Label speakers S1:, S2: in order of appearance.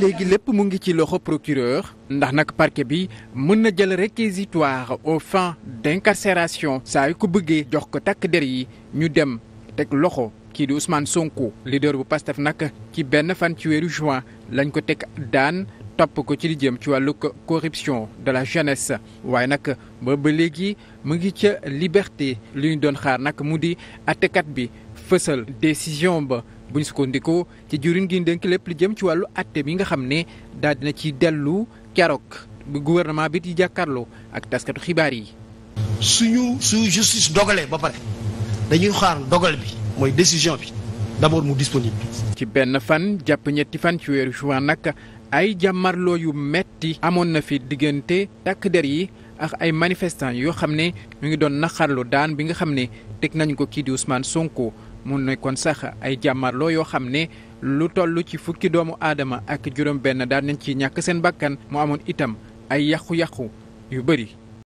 S1: léegi lépp mu ngi ci loxo procureur ndax nag parquet bi mën na jël réquisitoire aux fins d'incarcération saa yu ko bëggee jox ko takk der yi ñu dem teg loxo kii di Ousmane Sonko leader bu Pastef nag ci benn fan ci weeru juin lañ ko teg daan topp ko ci li jëm ci wàllu corruption de la jeunesse waaye nag ba ba léegi mu ngi ca liberté li ñu doon xaar nag mu di attekat bi fësal décision ba bu ñu sukkandikoo ci juriñ gi dénk lépp li jëm ci wàllu atte bi nga xam ne daal dina ci dellu keroog bu gouvernement bi di jàkkaarloo ak taskatu xibaar yi. suñu suñu justice dogalee ba pare dañuy xaar dogal bi mooy décision bi d'abord mu disponible. ci benn fan jàpp ñetti fan ci weeru juin nag. ay jàmmarloo yu metti amoon na fi diggante takk der yi ak ay manifestants yoo xam ne mu ngi doon naqarlu daan bi nga xam ne teg nañ ko kii di Ousmane Sonko mu nekkoon sax ay jàmmarloo yoo xam ne lu toll ci fukki doomu aadama ak juróom-benn daan nañ ci ñàkk seen bakkan mu amoon itam ay yàqu-yàqu yu bëri.